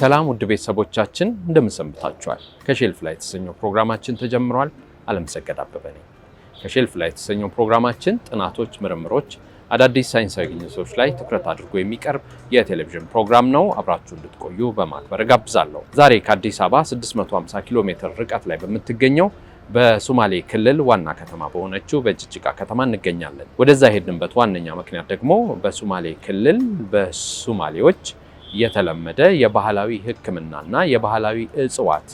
ሰላም ውድ ቤተሰቦቻችን እንደምንሰንብታችኋል። ከሼልፍ ላይ የተሰኘው ፕሮግራማችን ተጀምሯል። አለምሰገድ አበበ ነኝ። ከሼልፍ ላይ የተሰኘው ፕሮግራማችን ጥናቶች፣ ምርምሮች፣ አዳዲስ ሳይንሳዊ ግኝቶች ላይ ትኩረት አድርጎ የሚቀርብ የቴሌቪዥን ፕሮግራም ነው። አብራችሁ እንድትቆዩ በማክበር እጋብዛለሁ። ዛሬ ከአዲስ አበባ 650 ኪሎ ሜትር ርቀት ላይ በምትገኘው በሶማሌ ክልል ዋና ከተማ በሆነችው በጅጅጋ ከተማ እንገኛለን። ወደዛ ሄድንበት ዋነኛ ምክንያት ደግሞ በሶማሌ ክልል በሶማሌዎች የተለመደ የባህላዊ ሕክምናና የባህላዊ እጽዋት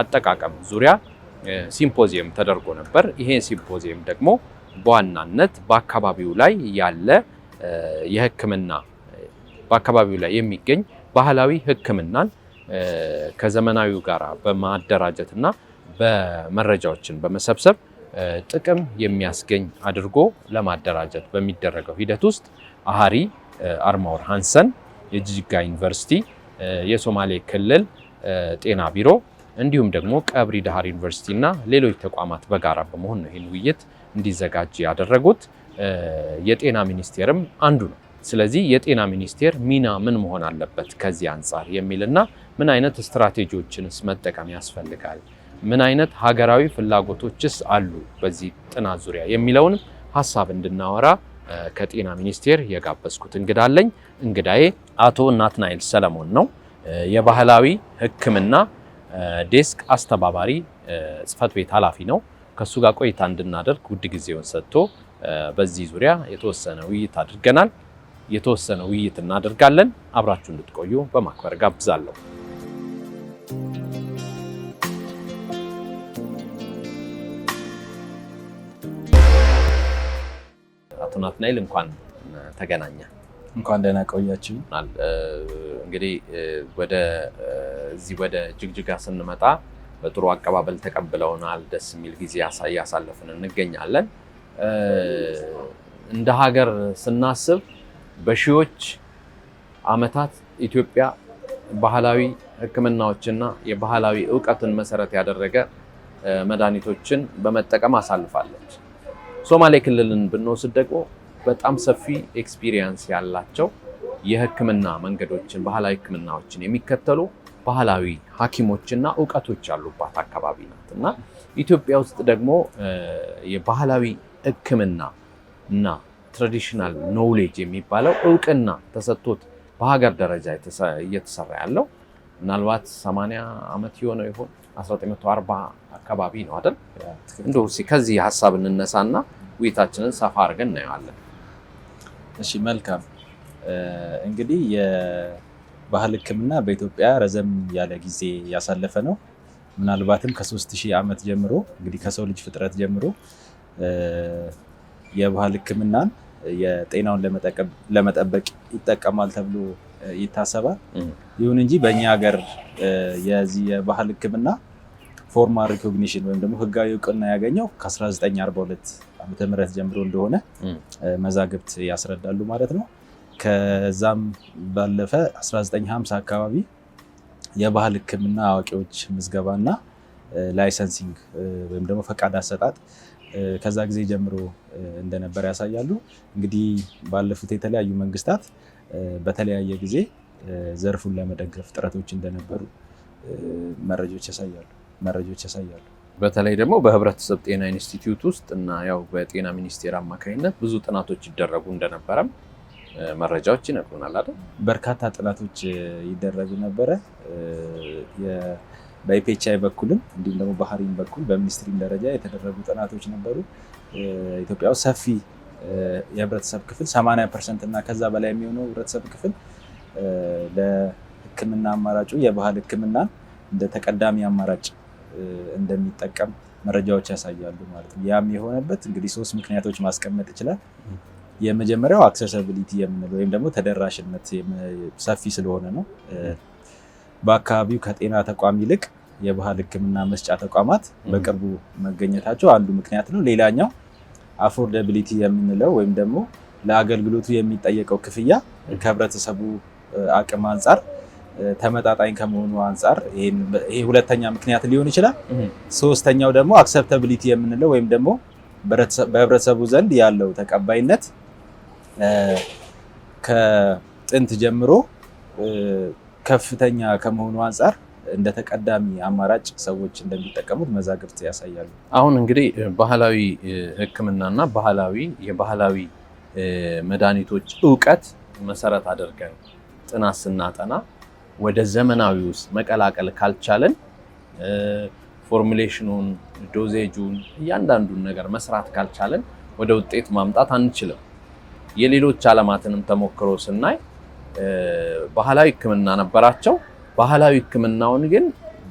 አጠቃቀም ዙሪያ ሲምፖዚየም ተደርጎ ነበር። ይሄ ሲምፖዚየም ደግሞ በዋናነት በአካባቢው ላይ ያለ የሕክምና በአካባቢው ላይ የሚገኝ ባህላዊ ሕክምናን ከዘመናዊው ጋር በማደራጀትና በመረጃዎችን በመሰብሰብ ጥቅም የሚያስገኝ አድርጎ ለማደራጀት በሚደረገው ሂደት ውስጥ አሃሪ አርማወር ሃንሰን የጂጂጋ ዩኒቨርሲቲ፣ የሶማሌ ክልል ጤና ቢሮ እንዲሁም ደግሞ ቀብሪ ዳሃር ዩኒቨርሲቲ እና ሌሎች ተቋማት በጋራ በመሆን ነው ይህን ውይይት እንዲዘጋጅ ያደረጉት። የጤና ሚኒስቴርም አንዱ ነው። ስለዚህ የጤና ሚኒስቴር ሚና ምን መሆን አለበት ከዚህ አንጻር የሚልና ምን አይነት ስትራቴጂዎችንስ መጠቀም ያስፈልጋል፣ ምን አይነት ሀገራዊ ፍላጎቶችስ አሉ በዚህ ጥናት ዙሪያ የሚለውንም ሀሳብ እንድናወራ ከጤና ሚኒስቴር የጋበዝኩት እንግዳ አለኝ። እንግዳዬ አቶ ናትናኤል ሰለሞን ነው። የባህላዊ ሕክምና ዴስክ አስተባባሪ ጽህፈት ቤት ኃላፊ ነው። ከእሱ ጋር ቆይታ እንድናደርግ ውድ ጊዜውን ሰጥቶ በዚህ ዙሪያ የተወሰነ ውይይት አድርገናል። የተወሰነ ውይይት እናደርጋለን። አብራችሁ እንድትቆዩ በማክበር ጋብዛለሁ። አቶ ናትናኤል እንኳን ተገናኘ። እንኳን ደህና ቆያችሁ። እንግዲህ ወደ ወደ ጅግጅጋ ስንመጣ በጥሩ አቀባበል ተቀብለውናል። ደስ የሚል ጊዜ እያሳለፍን እንገኛለን። እንደ ሀገር ስናስብ በሺዎች ዓመታት ኢትዮጵያ ባህላዊ ሕክምናዎችና የባህላዊ እውቀትን መሰረት ያደረገ መድኃኒቶችን በመጠቀም አሳልፋለች። ሶማሌ ክልልን ብንወስድ ደግሞ በጣም ሰፊ ኤክስፒሪየንስ ያላቸው የህክምና መንገዶችን ባህላዊ ህክምናዎችን የሚከተሉ ባህላዊ ሐኪሞችና እውቀቶች ያሉባት አካባቢ ናት እና ኢትዮጵያ ውስጥ ደግሞ የባህላዊ ህክምና እና ትራዲሽናል ኖውሌጅ የሚባለው እውቅና ተሰጥቶት በሀገር ደረጃ እየተሰራ ያለው ምናልባት 80 ዓመት የሆነው ይሆን 1940 አካባቢ ነው አይደል? እንደው ከዚህ ሀሳብ እንነሳና ውይይታችንን ሰፋ አድርገን እናየዋለን። እሺ መልካም እንግዲህ የባህል ሕክምና በኢትዮጵያ ረዘም ያለ ጊዜ ያሳለፈ ነው። ምናልባትም ከሶስት ሺህ ዓመት ጀምሮ እንግዲህ ከሰው ልጅ ፍጥረት ጀምሮ የባህል ሕክምናን የጤናውን ለመጠበቅ ይጠቀማል ተብሎ ይታሰባል። ይሁን እንጂ በእኛ ሀገር የዚህ የባህል ሕክምና ፎርማል ሪኮግኒሽን ወይም ደግሞ ህጋዊ እውቅና ያገኘው ከ1942 ዓመተ ምህረት ጀምሮ እንደሆነ መዛግብት ያስረዳሉ ማለት ነው። ከዛም ባለፈ 1950 አካባቢ የባህል ሕክምና አዋቂዎች ምዝገባ እና ላይሰንሲንግ ወይም ደግሞ ፈቃድ አሰጣጥ ከዛ ጊዜ ጀምሮ እንደነበር ያሳያሉ። እንግዲህ ባለፉት የተለያዩ መንግስታት በተለያየ ጊዜ ዘርፉን ለመደገፍ ጥረቶች እንደነበሩ መረጃዎች ያሳያሉ መረጃዎች ያሳያሉ። በተለይ ደግሞ በህብረተሰብ ጤና ኢንስቲትዩት ውስጥ እና ያው በጤና ሚኒስቴር አማካኝነት ብዙ ጥናቶች ይደረጉ እንደነበረም መረጃዎች ይነግሩናል አይደል? በርካታ ጥናቶች ይደረጉ ነበረ በኢፒኤችአይ በኩልም እንዲሁም ደግሞ ባህሪን በኩል በሚኒስትሪም ደረጃ የተደረጉ ጥናቶች ነበሩ። ኢትዮጵያ ውስጥ ሰፊ የህብረተሰብ ክፍል 80 ፐርሰንት እና ከዛ በላይ የሚሆነው ህብረተሰብ ክፍል ለህክምና አማራጩ የባህል ህክምና እንደ ተቀዳሚ አማራጭ እንደሚጠቀም መረጃዎች ያሳያሉ ማለት ነው። ያም የሆነበት እንግዲህ ሶስት ምክንያቶች ማስቀመጥ ይችላል። የመጀመሪያው አክሰሰብሊቲ የምንለው ወይም ደግሞ ተደራሽነት ሰፊ ስለሆነ ነው። በአካባቢው ከጤና ተቋም ይልቅ የባህል ሕክምና መስጫ ተቋማት በቅርቡ መገኘታቸው አንዱ ምክንያት ነው። ሌላኛው አፎርደብሊቲ የምንለው ወይም ደግሞ ለአገልግሎቱ የሚጠየቀው ክፍያ ከህብረተሰቡ አቅም አንጻር ተመጣጣኝ ከመሆኑ አንጻር ይሄ ሁለተኛ ምክንያት ሊሆን ይችላል። ሶስተኛው ደግሞ አክሰፕታብሊቲ የምንለው ወይም ደግሞ በህብረተሰቡ ዘንድ ያለው ተቀባይነት ከጥንት ጀምሮ ከፍተኛ ከመሆኑ አንጻር እንደ ተቀዳሚ አማራጭ ሰዎች እንደሚጠቀሙት መዛግብት ያሳያሉ። አሁን እንግዲህ ባህላዊ እና ባህላዊ የባህላዊ መድኃኒቶች እውቀት መሰረት አድርገን ጥናት ስናጠና ወደ ዘመናዊ ውስጥ መቀላቀል ካልቻለን ፎርሙሌሽኑን፣ ዶዜጁን እያንዳንዱን ነገር መስራት ካልቻለን ወደ ውጤት ማምጣት አንችልም። የሌሎች ዓለማትንም ተሞክሮ ስናይ ባህላዊ ሕክምና ነበራቸው። ባህላዊ ሕክምናውን ግን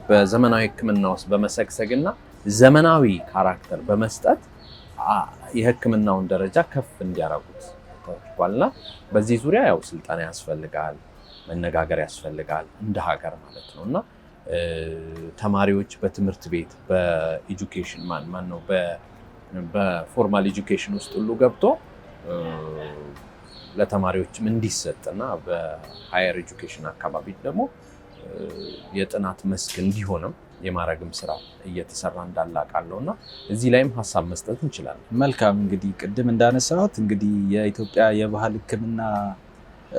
በዘመናዊ ሕክምና ውስጥ በመሰግሰግና ዘመናዊ ካራክተር በመስጠት የሕክምናውን ደረጃ ከፍ እንዲያደርጉት ተደርጓልና በዚህ ዙሪያ ያው ስልጠና ያስፈልጋል። መነጋገር ያስፈልጋል እንደ ሀገር ማለት ነው እና ተማሪዎች በትምህርት ቤት በኤጁኬሽን ማን ማን ነው በፎርማል ኤጁኬሽን ውስጥ ሁሉ ገብቶ ለተማሪዎችም እንዲሰጥና በሀየር ኤጁኬሽን አካባቢ ደግሞ የጥናት መስክ እንዲሆንም የማረግም ስራ እየተሰራ እንዳለ አውቃለሁ እና እዚህ ላይም ሀሳብ መስጠት እንችላለን። መልካም እንግዲህ ቅድም እንዳነሳሁት እንግዲህ የኢትዮጵያ የባህል ሕክምና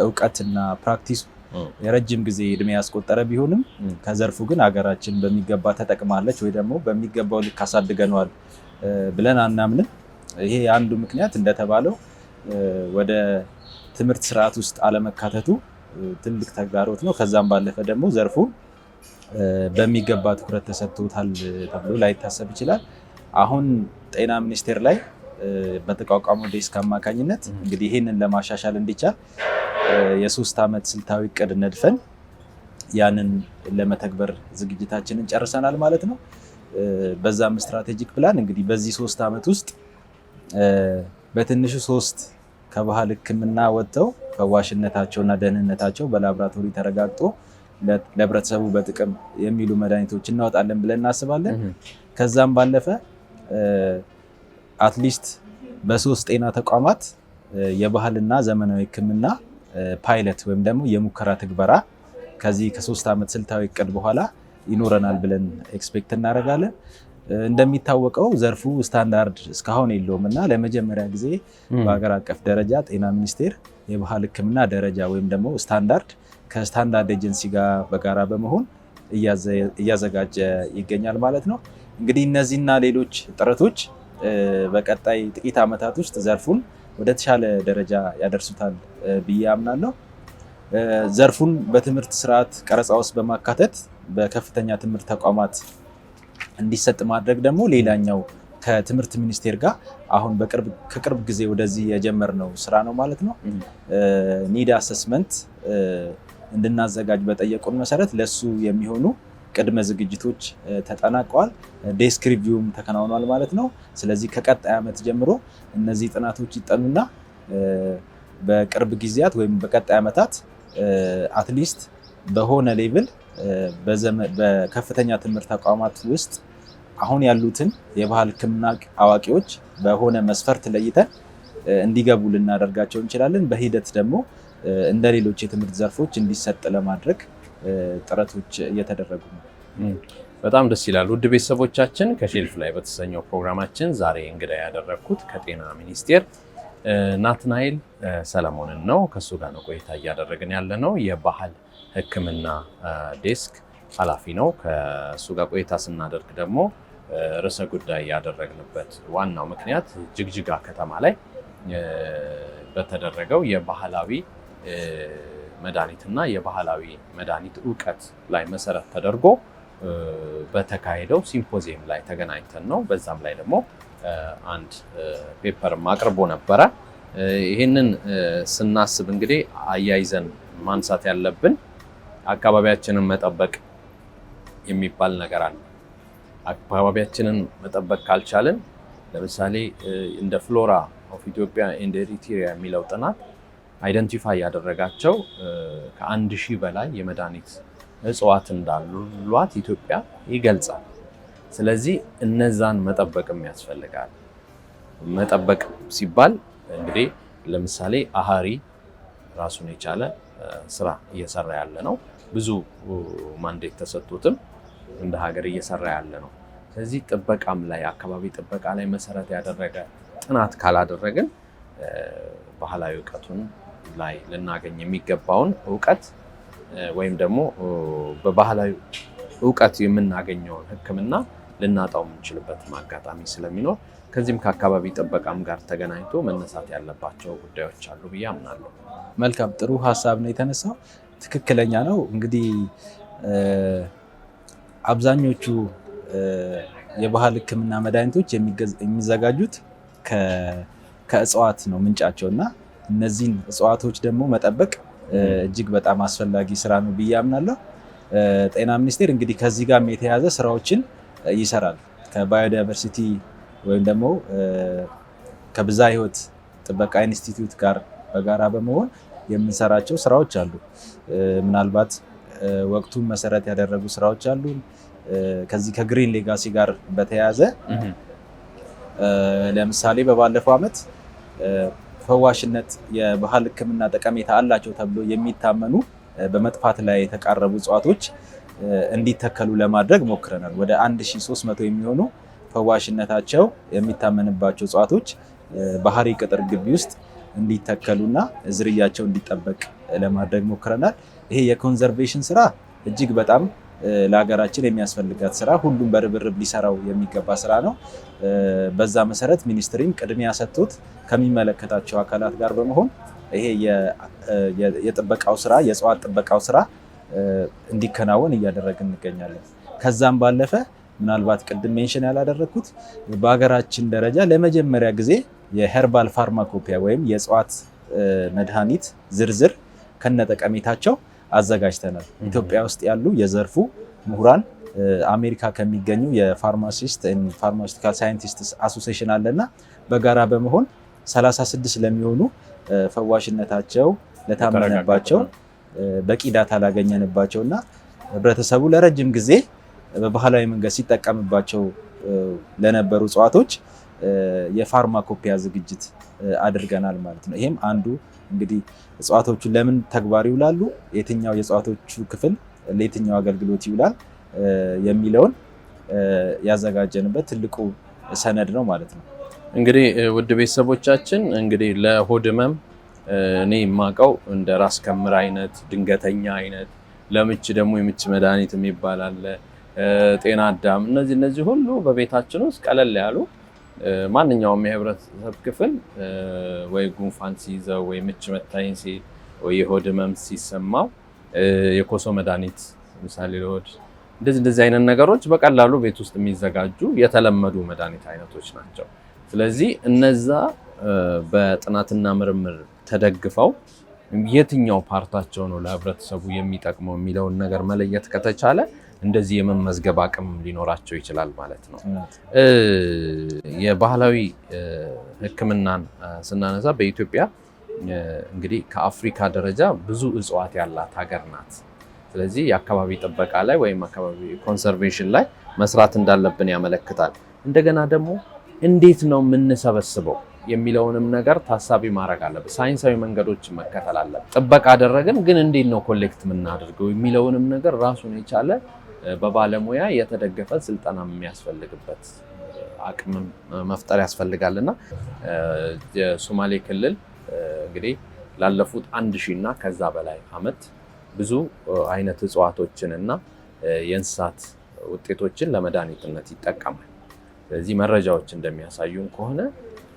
እውቀትና ፕራክቲስ የረጅም ጊዜ እድሜ ያስቆጠረ ቢሆንም ከዘርፉ ግን ሀገራችን በሚገባ ተጠቅማለች ወይ ደግሞ በሚገባው ልክ አሳድገነዋል ብለን አናምንም። ይሄ አንዱ ምክንያት እንደተባለው ወደ ትምህርት ስርዓት ውስጥ አለመካተቱ ትልቅ ተግዳሮት ነው። ከዛም ባለፈ ደግሞ ዘርፉ በሚገባ ትኩረት ተሰጥቶታል ተብሎ ላይታሰብ ይችላል። አሁን ጤና ሚኒስቴር ላይ በተቋቋመው ዴስክ አማካኝነት እንግዲህ ይህንን ለማሻሻል እንዲቻል የሶስት ዓመት ስልታዊ እቅድ ነድፈን ያንን ለመተግበር ዝግጅታችንን ጨርሰናል ማለት ነው። በዛም ስትራቴጂክ ፕላን እንግዲህ በዚህ ሶስት ዓመት ውስጥ በትንሹ ሶስት ከባህል ሕክምና ወጥተው ፈዋሽነታቸውና ደህንነታቸው በላብራቶሪ ተረጋግጦ ለህብረተሰቡ በጥቅም የሚሉ መድኃኒቶች እናወጣለን ብለን እናስባለን። ከዛም ባለፈ አትሊስት በሶስት ጤና ተቋማት የባህልና ዘመናዊ ሕክምና ፓይለት ወይም ደግሞ የሙከራ ትግበራ ከዚህ ከሶስት ዓመት ስልታዊ እቅድ በኋላ ይኖረናል ብለን ኤክስፔክት እናደርጋለን። እንደሚታወቀው ዘርፉ ስታንዳርድ እስካሁን የለውም እና ለመጀመሪያ ጊዜ በሀገር አቀፍ ደረጃ ጤና ሚኒስቴር የባህል ሕክምና ደረጃ ወይም ደግሞ ስታንዳርድ ከስታንዳርድ ኤጀንሲ ጋር በጋራ በመሆን እያዘጋጀ ይገኛል ማለት ነው። እንግዲህ እነዚህና ሌሎች ጥረቶች በቀጣይ ጥቂት ዓመታት ውስጥ ዘርፉን ወደ ተሻለ ደረጃ ያደርሱታል ብዬ አምናለሁ። ዘርፉን በትምህርት ስርዓት ቀረፃ ውስጥ በማካተት በከፍተኛ ትምህርት ተቋማት እንዲሰጥ ማድረግ ደግሞ ሌላኛው ከትምህርት ሚኒስቴር ጋር አሁን ከቅርብ ጊዜ ወደዚህ የጀመርነው ስራ ነው ማለት ነው። ኒድ አሰስመንት እንድናዘጋጅ በጠየቁን መሰረት ለሱ የሚሆኑ ቅድመ ዝግጅቶች ተጠናቀዋል። ዴስክ ሪቪውም ተከናውኗል ማለት ነው። ስለዚህ ከቀጣይ ዓመት ጀምሮ እነዚህ ጥናቶች ይጠኑና በቅርብ ጊዜያት ወይም በቀጣይ ዓመታት አትሊስት በሆነ ሌቭል በከፍተኛ ትምህርት ተቋማት ውስጥ አሁን ያሉትን የባህል ሕክምና አዋቂዎች በሆነ መስፈርት ለይተን እንዲገቡ ልናደርጋቸው እንችላለን። በሂደት ደግሞ እንደ ሌሎች የትምህርት ዘርፎች እንዲሰጥ ለማድረግ ጥረቶች እየተደረጉ ነው። በጣም ደስ ይላል። ውድ ቤተሰቦቻችን ከሼልፍ ላይ በተሰኘው ፕሮግራማችን ዛሬ እንግዳ ያደረግኩት ከጤና ሚኒስቴር ናትናኤል ሰለሞንን ነው። ከእሱ ጋር ነው ቆይታ እያደረግን ያለ ነው። የባህል ሕክምና ዴስክ ኃላፊ ነው። ከእሱ ጋር ቆይታ ስናደርግ ደግሞ ርዕሰ ጉዳይ ያደረግንበት ዋናው ምክንያት ጅግጅጋ ከተማ ላይ በተደረገው የባህላዊ መድኃኒትና የባህላዊ መድኃኒት እውቀት ላይ መሰረት ተደርጎ በተካሄደው ሲምፖዚየም ላይ ተገናኝተን ነው። በዛም ላይ ደግሞ አንድ ፔፐርም አቅርቦ ነበረ። ይህንን ስናስብ እንግዲህ አያይዘን ማንሳት ያለብን አካባቢያችንን መጠበቅ የሚባል ነገር አለ። አካባቢያችንን መጠበቅ ካልቻልን ለምሳሌ እንደ ፍሎራ ኦፍ ኢትዮጵያ ኤንድ ኤሪትሪያ የሚለው ጥናት አይደንቲፋይ ያደረጋቸው ከአንድ ሺህ በላይ የመድኃኒት እጽዋት እንዳሏት ኢትዮጵያ ይገልጻል። ስለዚህ እነዛን መጠበቅም ያስፈልጋል። መጠበቅ ሲባል እንግዲህ ለምሳሌ አሃሪ ራሱን የቻለ ስራ እየሰራ ያለ ነው። ብዙ ማንዴት ተሰጥቶትም እንደ ሀገር እየሰራ ያለ ነው። ስለዚህ ጥበቃም ላይ አካባቢ ጥበቃ ላይ መሰረት ያደረገ ጥናት ካላደረግን ባህላዊ እውቀቱን ላይ ልናገኝ የሚገባውን እውቀት ወይም ደግሞ በባህላዊ እውቀት የምናገኘውን ሕክምና ልናጣው የምንችልበት አጋጣሚ ስለሚኖር ከዚህም ከአካባቢ ጥበቃም ጋር ተገናኝቶ መነሳት ያለባቸው ጉዳዮች አሉ ብዬ አምናለሁ። መልካም ጥሩ ሀሳብ ነው የተነሳው፣ ትክክለኛ ነው። እንግዲህ አብዛኞቹ የባህል ሕክምና መድኃኒቶች የሚዘጋጁት ከእጽዋት ነው ምንጫቸው እና እነዚህን እጽዋቶች ደግሞ መጠበቅ እጅግ በጣም አስፈላጊ ስራ ነው ብዬ አምናለሁ። ጤና ሚኒስቴር እንግዲህ ከዚህ ጋር የተያዘ ስራዎችን ይሰራል። ከባዮዳይቨርሲቲ ወይም ደግሞ ከብዛ ህይወት ጥበቃ ኢንስቲትዩት ጋር በጋራ በመሆን የምንሰራቸው ስራዎች አሉ። ምናልባት ወቅቱን መሰረት ያደረጉ ስራዎች አሉ። ከዚህ ከግሪን ሌጋሲ ጋር በተያያዘ ለምሳሌ በባለፈው ዓመት ፈዋሽነት፣ የባህል ሕክምና ጠቀሜታ አላቸው ተብሎ የሚታመኑ በመጥፋት ላይ የተቃረቡ እጽዋቶች እንዲተከሉ ለማድረግ ሞክረናል። ወደ 1300 የሚሆኑ ፈዋሽነታቸው የሚታመንባቸው እጽዋቶች ባህሪ ቅጥር ግቢ ውስጥ እንዲተከሉና ዝርያቸው እንዲጠበቅ ለማድረግ ሞክረናል። ይሄ የኮንዘርቬሽን ስራ እጅግ በጣም ለሀገራችን የሚያስፈልጋት ስራ ሁሉም በርብርብ ሊሰራው የሚገባ ስራ ነው። በዛ መሰረት ሚኒስትሪም ቅድሚያ ሰጥቶት ከሚመለከታቸው አካላት ጋር በመሆን ይሄ የጥበቃው ስራ የእጽዋት ጥበቃው ስራ እንዲከናወን እያደረግን እንገኛለን። ከዛም ባለፈ ምናልባት ቅድም ሜንሽን ያላደረግኩት በሀገራችን ደረጃ ለመጀመሪያ ጊዜ የሄርባል ፋርማኮፒያ ወይም የእጽዋት መድኃኒት ዝርዝር ከነጠቀሜታቸው አዘጋጅተናል። ኢትዮጵያ ውስጥ ያሉ የዘርፉ ምሁራን አሜሪካ ከሚገኙ የፋርማሲስት ፋርማሲውቲካል ሳይንቲስት አሶሴሽን አለና በጋራ በመሆን 36 ለሚሆኑ ፈዋሽነታቸው ለታመነባቸው በቂ ዳታ ላገኘንባቸው እና ህብረተሰቡ ለረጅም ጊዜ በባህላዊ መንገድ ሲጠቀምባቸው ለነበሩ እጽዋቶች የፋርማኮፒያ ዝግጅት አድርገናል ማለት ነው። ይሄም አንዱ እንግዲህ እጽዋቶቹ ለምን ተግባር ይውላሉ፣ የትኛው የእጽዋቶቹ ክፍል ለየትኛው አገልግሎት ይውላል የሚለውን ያዘጋጀንበት ትልቁ ሰነድ ነው ማለት ነው። እንግዲህ ውድ ቤተሰቦቻችን እንግዲህ ለሆድ ህመም እኔ የማውቀው እንደ ራስ ከምር አይነት ድንገተኛ አይነት ለምች ደግሞ የምች መድኃኒት የሚባል አለ፣ ጤና አዳም። እነዚህ እነዚህ ሁሉ በቤታችን ውስጥ ቀለል ያሉ ማንኛውም የህብረተሰብ ክፍል ወይ ጉንፋን ሲይዘው ወይ ምች መታኝ ሲል ወይ የሆድ ህመም ሲሰማው የኮሶ መድኃኒት ምሳሌ ለሆድ እንደዚህ እንደዚህ አይነት ነገሮች በቀላሉ ቤት ውስጥ የሚዘጋጁ የተለመዱ መድኃኒት አይነቶች ናቸው። ስለዚህ እነዛ በጥናትና ምርምር ተደግፈው የትኛው ፓርታቸው ነው ለህብረተሰቡ የሚጠቅመው የሚለውን ነገር መለየት ከተቻለ እንደዚህ የመመዝገብ አቅም ሊኖራቸው ይችላል ማለት ነው። የባህላዊ ሕክምናን ስናነሳ በኢትዮጵያ እንግዲህ ከአፍሪካ ደረጃ ብዙ እጽዋት ያላት ሀገር ናት። ስለዚህ የአካባቢ ጥበቃ ላይ ወይም አካባቢ ኮንሰርቬሽን ላይ መስራት እንዳለብን ያመለክታል። እንደገና ደግሞ እንዴት ነው የምንሰበስበው የሚለውንም ነገር ታሳቢ ማድረግ አለብን። ሳይንሳዊ መንገዶች መከተል አለብን። ጥበቃ አደረግን፣ ግን እንዴት ነው ኮሌክት የምናደርገው የሚለውንም ነገር ራሱን የቻለ በባለሙያ የተደገፈ ስልጠና የሚያስፈልግበት አቅምም መፍጠር ያስፈልጋል እና የሶማሌ ክልል እንግዲህ ላለፉት አንድ ሺህ እና ከዛ በላይ አመት ብዙ አይነት እጽዋቶችን እና የእንስሳት ውጤቶችን ለመድኃኒትነት ይጠቀማል። ስለዚህ መረጃዎች እንደሚያሳዩን ከሆነ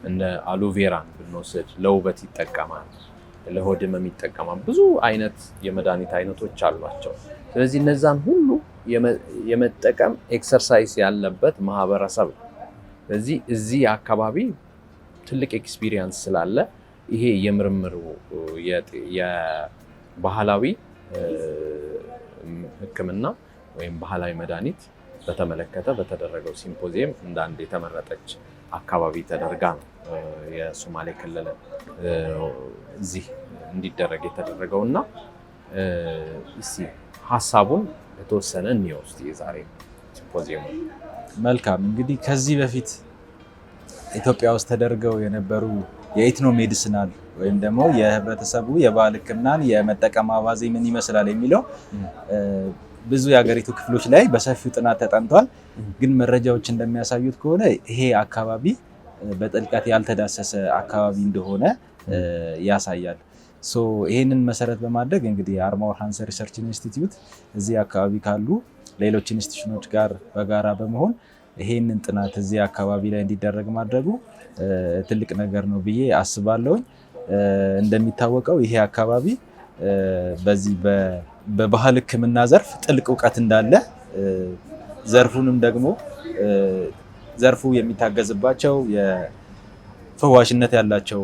እንደ አሉቬራን ብንወስድ ለውበት ይጠቀማል፣ ለሆድመም ይጠቀማል። ብዙ አይነት የመድኃኒት አይነቶች አሏቸው። ስለዚህ እነዛን ሁሉ የመጠቀም ኤክሰርሳይዝ ያለበት ማህበረሰብ ነው። ስለዚህ እዚህ አካባቢ ትልቅ ኤክስፒሪየንስ ስላለ ይሄ የምርምሩ የባህላዊ ሕክምና ወይም ባህላዊ መድኃኒት በተመለከተ በተደረገው ሲምፖዚየም እንደ አንድ የተመረጠች አካባቢ ተደርጋ ነው የሶማሌ ክልል እዚህ እንዲደረግ የተደረገው እና ሀሳቡን የተወሰነ እንየው የዛሬ ሲምፖዚየሙ። መልካም እንግዲህ ከዚህ በፊት ኢትዮጵያ ውስጥ ተደርገው የነበሩ የኢትኖ ሜዲሲናል ወይም ደግሞ የህብረተሰቡ የባህል ህክምናን የመጠቀም አባዜ ምን ይመስላል የሚለው ብዙ የሀገሪቱ ክፍሎች ላይ በሰፊው ጥናት ተጠንቷል። ግን መረጃዎች እንደሚያሳዩት ከሆነ ይሄ አካባቢ በጥልቀት ያልተዳሰሰ አካባቢ እንደሆነ ያሳያል። ይህንን መሰረት በማድረግ እንግዲህ የአርማወር ሃንሰን ሪሰርች ኢንስቲትዩት እዚህ አካባቢ ካሉ ሌሎች ኢንስቲትዩሽኖች ጋር በጋራ በመሆን ይህንን ጥናት እዚህ አካባቢ ላይ እንዲደረግ ማድረጉ ትልቅ ነገር ነው ብዬ አስባለሁኝ። እንደሚታወቀው ይሄ አካባቢ በዚህ በባህል ሕክምና ዘርፍ ጥልቅ እውቀት እንዳለ ዘርፉንም ደግሞ ዘርፉ የሚታገዝባቸው የፈዋሽነት ያላቸው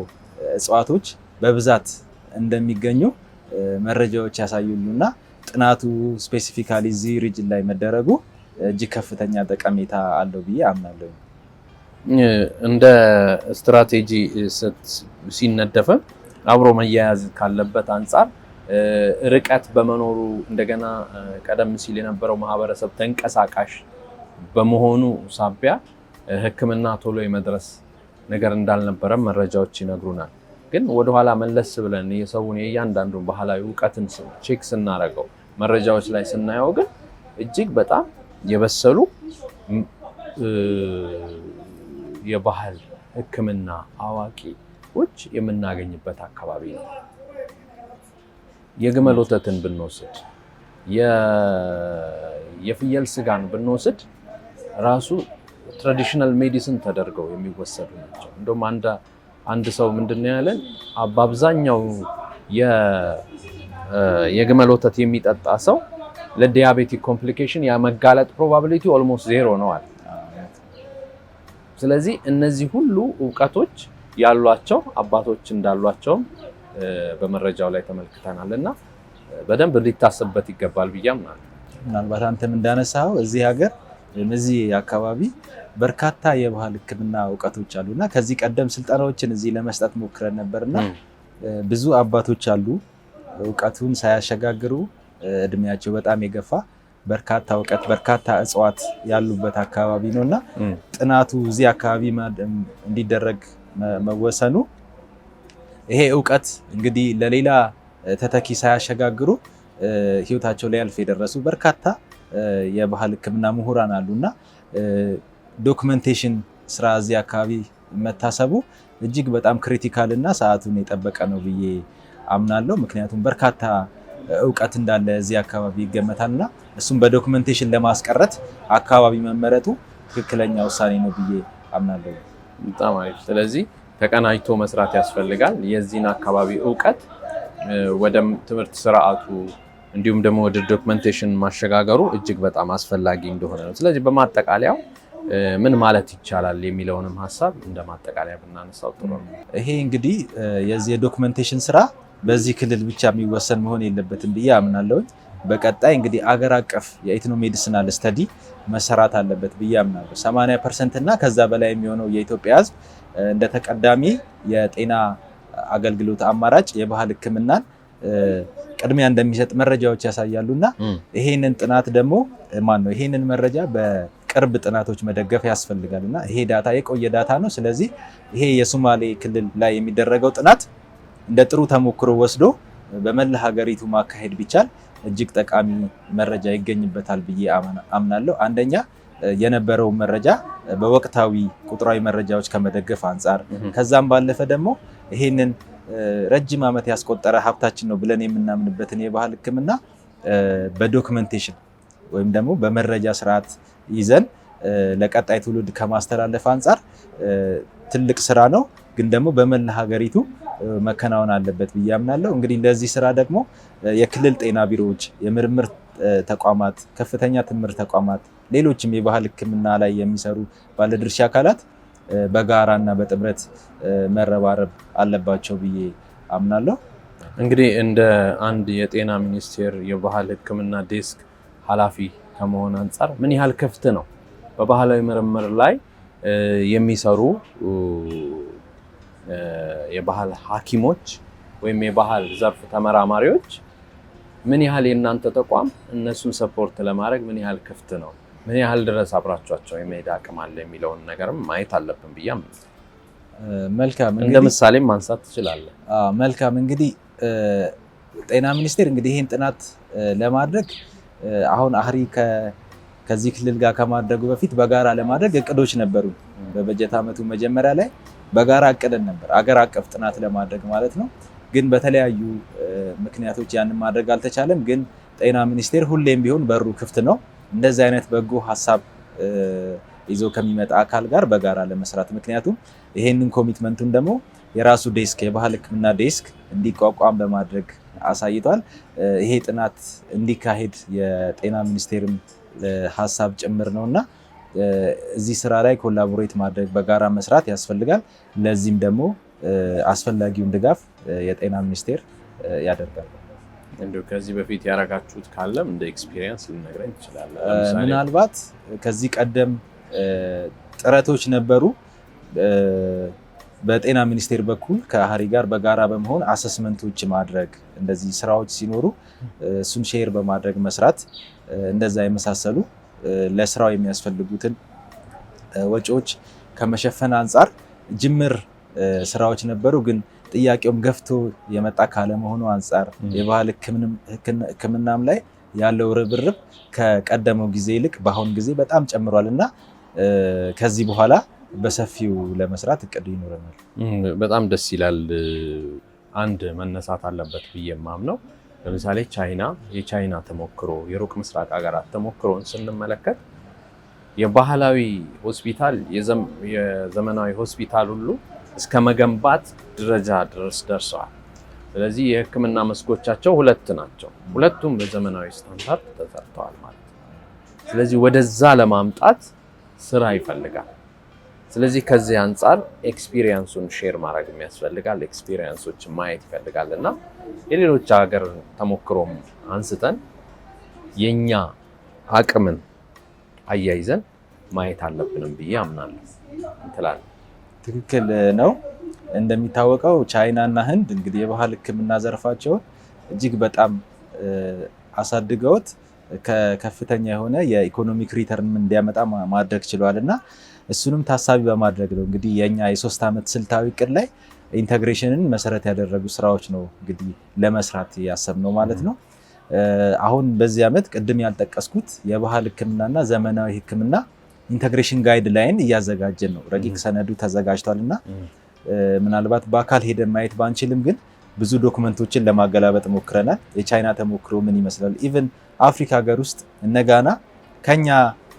እጽዋቶች በብዛት እንደሚገኙ መረጃዎች ያሳዩሉና ጥናቱ ስፔሲፊካሊ እዚህ ሪጅን ላይ መደረጉ እጅግ ከፍተኛ ጠቀሜታ አለው ብዬ አምናለሁ። እንደ ስትራቴጂ ሲነደፈ አብሮ መያያዝ ካለበት አንጻር ርቀት በመኖሩ እንደገና ቀደም ሲል የነበረው ማህበረሰብ ተንቀሳቃሽ በመሆኑ ሳቢያ ሕክምና ቶሎ የመድረስ ነገር እንዳልነበረም መረጃዎች ይነግሩናል። ግን ወደኋላ መለስ ብለን የሰውን የእያንዳንዱን ባህላዊ እውቀትን ቼክ ስናደርገው መረጃዎች ላይ ስናየው ግን እጅግ በጣም የበሰሉ የባህል ሕክምና አዋቂዎች የምናገኝበት አካባቢ ነው። የግመል ወተትን ብንወስድ፣ የፍየል ስጋን ብንወስድ ራሱ ትራዲሽናል ሜዲሲን ተደርገው የሚወሰዱ ናቸው። እንደውም አንድ ሰው ምንድን ነው ያለን በአብዛኛው የግመል ወተት የሚጠጣ ሰው ለዲያቤቲክ ኮምፕሊኬሽን የመጋለጥ ፕሮባቢሊቲ ኦልሞስት ዜሮ ነው አለ። ስለዚህ እነዚህ ሁሉ እውቀቶች ያሏቸው አባቶች እንዳሏቸውም በመረጃው ላይ ተመልክተናል እና በደንብ ሊታሰብበት ይገባል ብያም አምናለሁ። ምናልባት አንተም እንዳነሳው እዚህ ሀገር በዚህ አካባቢ በርካታ የባህል ሕክምና እውቀቶች እና ከዚህ ቀደም ስልጠናዎችን እዚህ ለመስጠት ሞክረን እና ብዙ አባቶች አሉ እውቀቱን ሳያሸጋግሩ እድሜያቸው በጣም የገፋ በርካታ እውቀት በርካታ እጽዋት ያሉበት አካባቢ ነው እና ጥናቱ እዚህ አካባቢ እንዲደረግ መወሰኑ ይሄ እውቀት እንግዲህ ለሌላ ተተኪ ሳያሸጋግሩ ህይወታቸው ላይ ያልፍ የደረሱ በርካታ የባህል ህክምና ምሁራን አሉና ዶክመንቴሽን ስራ እዚህ አካባቢ መታሰቡ እጅግ በጣም ክሪቲካል እና ሰዓቱን የጠበቀ ነው ብዬ አምናለሁ። ምክንያቱም በርካታ እውቀት እንዳለ እዚህ አካባቢ ይገመታል እና እሱም በዶክመንቴሽን ለማስቀረት አካባቢ መመረጡ ትክክለኛ ውሳኔ ነው ብዬ አምናለሁ። በጣም አሪፍ። ስለዚህ ተቀናጅቶ መስራት ያስፈልጋል። የዚህን አካባቢ እውቀት ወደ ትምህርት ስርዓቱ እንዲሁም ደግሞ ወደ ዶክመንቴሽን ማሸጋገሩ እጅግ በጣም አስፈላጊ እንደሆነ ነው። ስለዚህ በማጠቃለያው ምን ማለት ይቻላል የሚለውንም ሀሳብ እንደ ማጠቃለያ ብናነሳው ጥሩ ነው። ይሄ እንግዲህ የዚህ የዶክመንቴሽን ስራ በዚህ ክልል ብቻ የሚወሰን መሆን የለበትም ብዬ አምናለሁኝ። በቀጣይ እንግዲህ አገር አቀፍ የኢትኖ ሜዲሲናል ስተዲ መሰራት አለበት ብዬ አምናለሁ። 80 ፐርሰንት እና ከዛ በላይ የሚሆነው የኢትዮጵያ ህዝብ እንደ ተቀዳሚ የጤና አገልግሎት አማራጭ የባህል ህክምናን ቅድሚያ እንደሚሰጥ መረጃዎች ያሳያሉ እና ይሄንን ጥናት ደግሞ ማን ነው ይሄንን መረጃ ቅርብ ጥናቶች መደገፍ ያስፈልጋል እና ይሄ ዳታ የቆየ ዳታ ነው። ስለዚህ ይሄ የሶማሌ ክልል ላይ የሚደረገው ጥናት እንደ ጥሩ ተሞክሮ ወስዶ በመላ ሀገሪቱ ማካሄድ ቢቻል እጅግ ጠቃሚ መረጃ ይገኝበታል ብዬ አምናለሁ። አንደኛ የነበረው መረጃ በወቅታዊ ቁጥራዊ መረጃዎች ከመደገፍ አንጻር፣ ከዛም ባለፈ ደግሞ ይሄንን ረጅም ዓመት ያስቆጠረ ሀብታችን ነው ብለን የምናምንበትን የባህል ሕክምና በዶክመንቴሽን ወይም ደግሞ በመረጃ ስርዓት ይዘን ለቀጣይ ትውልድ ከማስተላለፍ አንጻር ትልቅ ስራ ነው፣ ግን ደግሞ በመላ ሀገሪቱ መከናወን አለበት ብዬ አምናለሁ። እንግዲህ ለዚህ ስራ ደግሞ የክልል ጤና ቢሮዎች፣ የምርምር ተቋማት፣ ከፍተኛ ትምህርት ተቋማት፣ ሌሎችም የባህል ሕክምና ላይ የሚሰሩ ባለድርሻ አካላት በጋራ እና በጥምረት መረባረብ አለባቸው ብዬ አምናለሁ። እንግዲህ እንደ አንድ የጤና ሚኒስቴር የባህል ሕክምና ዴስክ ኃላፊ ከመሆን አንጻር ምን ያህል ክፍት ነው? በባህላዊ ምርምር ላይ የሚሰሩ የባህል ሐኪሞች ወይም የባህል ዘርፍ ተመራማሪዎች ምን ያህል የእናንተ ተቋም እነሱን ሰፖርት ለማድረግ ምን ያህል ክፍት ነው? ምን ያህል ድረስ አብራቸቸው የመሄድ አቅም አለ የሚለውን ነገርም ማየት አለብን ብዬ መልካም እንደ ምሳሌም ማንሳት ትችላለህ። መልካም እንግዲህ ጤና ሚኒስቴር እንግዲህ ይህን ጥናት ለማድረግ አሁን አህሪ ከዚህ ክልል ጋር ከማድረጉ በፊት በጋራ ለማድረግ እቅዶች ነበሩ። በበጀት ዓመቱ መጀመሪያ ላይ በጋራ አቅደን ነበር አገር አቀፍ ጥናት ለማድረግ ማለት ነው። ግን በተለያዩ ምክንያቶች ያንን ማድረግ አልተቻለም። ግን ጤና ሚኒስቴር ሁሌም ቢሆን በሩ ክፍት ነው። እንደዚህ አይነት በጎ ሀሳብ ይዞ ከሚመጣ አካል ጋር በጋራ ለመስራት ምክንያቱም ይሄንን ኮሚትመንቱን ደግሞ የራሱ ዴስክ የባህል ሕክምና ዴስክ እንዲቋቋም በማድረግ አሳይቷል። ይሄ ጥናት እንዲካሄድ የጤና ሚኒስቴርም ሀሳብ ጭምር ነው እና እዚህ ስራ ላይ ኮላቦሬት ማድረግ በጋራ መስራት ያስፈልጋል። ለዚህም ደግሞ አስፈላጊውን ድጋፍ የጤና ሚኒስቴር ያደርጋል። እንዲሁ ከዚህ በፊት ያረጋችሁት ካለም እንደ ኤክስፒሪየንስ ልነግረኝ ትችላለህ? ምናልባት ከዚህ ቀደም ጥረቶች ነበሩ። በጤና ሚኒስቴር በኩል ከሀሪ ጋር በጋራ በመሆን አሰስመንቶች ማድረግ እንደዚህ ስራዎች ሲኖሩ እሱን ሼር በማድረግ መስራት እንደዛ የመሳሰሉ ለስራው የሚያስፈልጉትን ወጪዎች ከመሸፈን አንጻር ጅምር ስራዎች ነበሩ። ግን ጥያቄውም ገፍቶ የመጣ ካለመሆኑ አንጻር የባህል ሕክምናም ላይ ያለው ርብርብ ከቀደመው ጊዜ ይልቅ በአሁኑ ጊዜ በጣም ጨምሯል እና ከዚህ በኋላ በሰፊው ለመስራት እቅድ ይኖረናል። በጣም ደስ ይላል። አንድ መነሳት አለበት ብዬ የማምነው ለምሳሌ ቻይና የቻይና ተሞክሮ የሩቅ ምስራቅ ሀገራት ተሞክሮን ስንመለከት የባህላዊ ሆስፒታል የዘመናዊ ሆስፒታል ሁሉ እስከ መገንባት ደረጃ ድረስ ደርሰዋል። ስለዚህ የሕክምና መስኮቻቸው ሁለት ናቸው። ሁለቱም በዘመናዊ ስታንዳርድ ተሰርተዋል ማለት ነው። ስለዚህ ወደዛ ለማምጣት ስራ ይፈልጋል። ስለዚህ ከዚህ አንጻር ኤክስፒሪየንሱን ሼር ማድረግ የሚያስፈልጋል። ኤክስፒሪየንሶችን ማየት ይፈልጋል እና የሌሎች ሀገር ተሞክሮም አንስተን የኛ አቅምን አያይዘን ማየት አለብንም ብዬ አምናለሁ። እንትላል ትክክል ነው። እንደሚታወቀው ቻይና እና ህንድ እንግዲህ የባህል ሕክምና ዘርፋቸውን እጅግ በጣም አሳድገውት ከከፍተኛ የሆነ የኢኮኖሚክ ሪተርን እንዲያመጣ ማድረግ ችሏል እና እሱንም ታሳቢ በማድረግ ነው እንግዲህ የኛ የሶስት ዓመት ስልታዊ እቅድ ላይ ኢንተግሬሽንን መሰረት ያደረጉ ስራዎች ነው እንግዲህ ለመስራት ያሰብነው ማለት ነው። አሁን በዚህ ዓመት ቅድም ያልጠቀስኩት የባህል ሕክምናና ዘመናዊ ሕክምና ኢንተግሬሽን ጋይድ ላይን እያዘጋጀን ነው። ረቂቅ ሰነዱ ተዘጋጅቷል እና ምናልባት በአካል ሄደን ማየት ባንችልም ግን ብዙ ዶክመንቶችን ለማገላበጥ ሞክረናል። የቻይና ተሞክሮ ምን ይመስላል? ኢቨን አፍሪካ ሀገር ውስጥ እነጋና ከኛ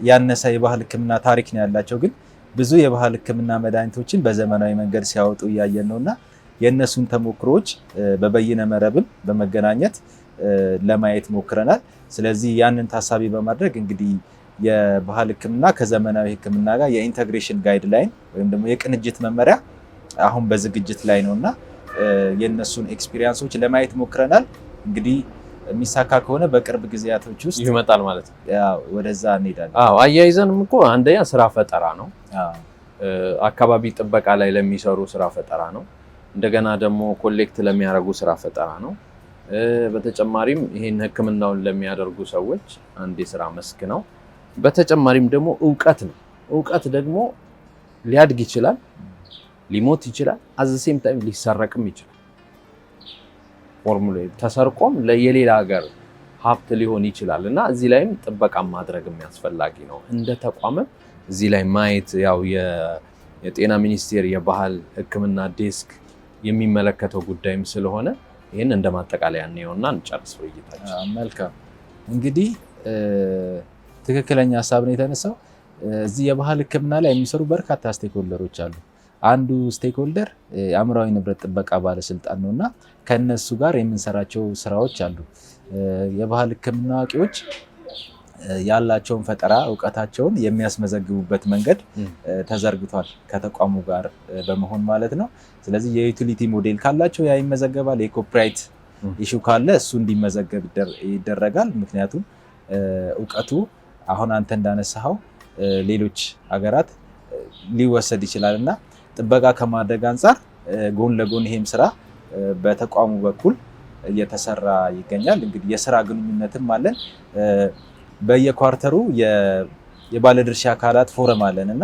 ያነሰ የባህል ህክምና ታሪክ ነው ያላቸው። ግን ብዙ የባህል ህክምና መድኃኒቶችን በዘመናዊ መንገድ ሲያወጡ እያየን ነው እና የእነሱን ተሞክሮዎች በበይነ መረብም በመገናኘት ለማየት ሞክረናል። ስለዚህ ያንን ታሳቢ በማድረግ እንግዲህ የባህል ህክምና ከዘመናዊ ህክምና ጋር የኢንተግሬሽን ጋይድ ላይን ወይም ደግሞ የቅንጅት መመሪያ አሁን በዝግጅት ላይ ነው እና የእነሱን ኤክስፒሪያንሶች ለማየት ሞክረናል እንግዲህ የሚሳካ ከሆነ በቅርብ ጊዜያቶች ውስጥ ይመጣል ማለት ነው። ወደዛ እንሄዳለን። አያይዘንም እኮ አንደኛ ስራ ፈጠራ ነው፣ አካባቢ ጥበቃ ላይ ለሚሰሩ ስራ ፈጠራ ነው። እንደገና ደግሞ ኮሌክት ለሚያደርጉ ስራ ፈጠራ ነው። በተጨማሪም ይህን ህክምናውን ለሚያደርጉ ሰዎች አንድ የስራ መስክ ነው። በተጨማሪም ደግሞ እውቀት ነው። እውቀት ደግሞ ሊያድግ ይችላል፣ ሊሞት ይችላል፣ አዘሴም ታይም ሊሰረቅም ይችላል። ፎርሙላ ተሰርቆም የሌላ ሀገር ሀብት ሊሆን ይችላል እና እዚህ ላይም ጥበቃ ማድረግ የሚያስፈላጊ ነው። እንደ ተቋምም እዚህ ላይ ማየት ያው የጤና ሚኒስቴር የባህል ሕክምና ዴስክ የሚመለከተው ጉዳይም ስለሆነ ይህን እንደ ማጠቃለያ እንየውና እንጨርስ ውይይታችን። መልካም እንግዲህ ትክክለኛ ሀሳብ ነው የተነሳው። እዚህ የባህል ሕክምና ላይ የሚሰሩ በርካታ ስቴክሆልደሮች አሉ። አንዱ ስቴክሆልደር የአእምሯዊ ንብረት ጥበቃ ባለስልጣን ነው እና ከነሱ ጋር የምንሰራቸው ስራዎች አሉ። የባህል ሕክምና አዋቂዎች ያላቸውን ፈጠራ እውቀታቸውን የሚያስመዘግቡበት መንገድ ተዘርግቷል ከተቋሙ ጋር በመሆን ማለት ነው። ስለዚህ የዩቲሊቲ ሞዴል ካላቸው ያ ይመዘገባል። የኮፒራይት ኢሹ ካለ እሱ እንዲመዘገብ ይደረጋል። ምክንያቱም እውቀቱ አሁን አንተ እንዳነሳኸው ሌሎች ሀገራት ሊወሰድ ይችላል እና ጥበቃ ከማድረግ አንጻር ጎን ለጎን ይሄም ስራ በተቋሙ በኩል እየተሰራ ይገኛል። እንግዲህ የስራ ግንኙነትም አለን። በየኳርተሩ የባለድርሻ አካላት ፎረም አለን እና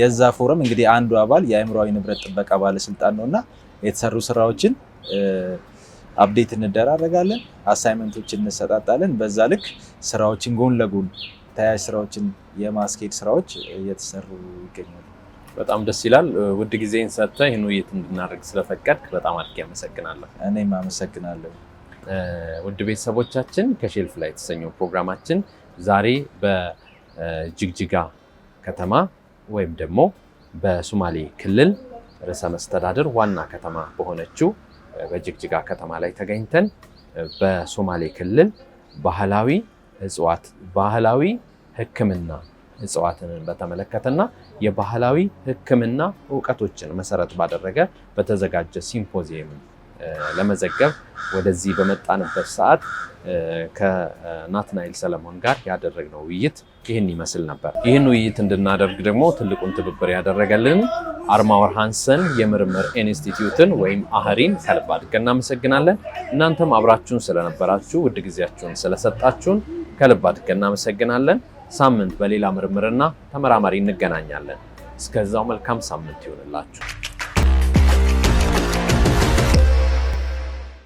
የዛ ፎረም እንግዲህ አንዱ አባል የአእምሯዊ ንብረት ጥበቃ ባለስልጣን ነው እና የተሰሩ ስራዎችን አብዴት እንደራረጋለን፣ አሳይመንቶችን እንሰጣጣለን። በዛ ልክ ስራዎችን ጎን ለጎን ተያያዥ ስራዎችን የማስኬድ ስራዎች እየተሰሩ ይገኛሉ። በጣም ደስ ይላል። ውድ ጊዜን ሰጥተህ ይህን ውይይት እንድናደርግ ስለፈቀድክ በጣም አድርጌ አመሰግናለሁ። እኔም አመሰግናለሁ። ውድ ቤተሰቦቻችን ከሼልፍ ላይ የተሰኘው ፕሮግራማችን ዛሬ በጅግጅጋ ከተማ ወይም ደግሞ በሶማሌ ክልል ርዕሰ መስተዳድር ዋና ከተማ በሆነችው በጅግጅጋ ከተማ ላይ ተገኝተን በሶማሌ ክልል ባህላዊ እጽዋት ባህላዊ ሕክምና እጽዋትን በተመለከተና የባህላዊ ሕክምና እውቀቶችን መሰረት ባደረገ በተዘጋጀ ሲምፖዚየም ለመዘገብ ወደዚህ በመጣንበት ሰዓት ከናትናኤል ሰለሞን ጋር ያደረግነው ውይይት ይህን ይመስል ነበር። ይህን ውይይት እንድናደርግ ደግሞ ትልቁን ትብብር ያደረገልን አርማወር ሃንሰን የምርምር ኢንስቲትዩትን ወይም አህሪን ከልብ አድርገን እናመሰግናለን። እናንተም አብራችሁን ስለነበራችሁ ውድ ጊዜያችሁን ስለሰጣችሁን ከልብ አድርገን እናመሰግናለን። ሳምንት በሌላ ምርምርና ተመራማሪ እንገናኛለን። እስከዛው መልካም ሳምንት ይሆንላችሁ።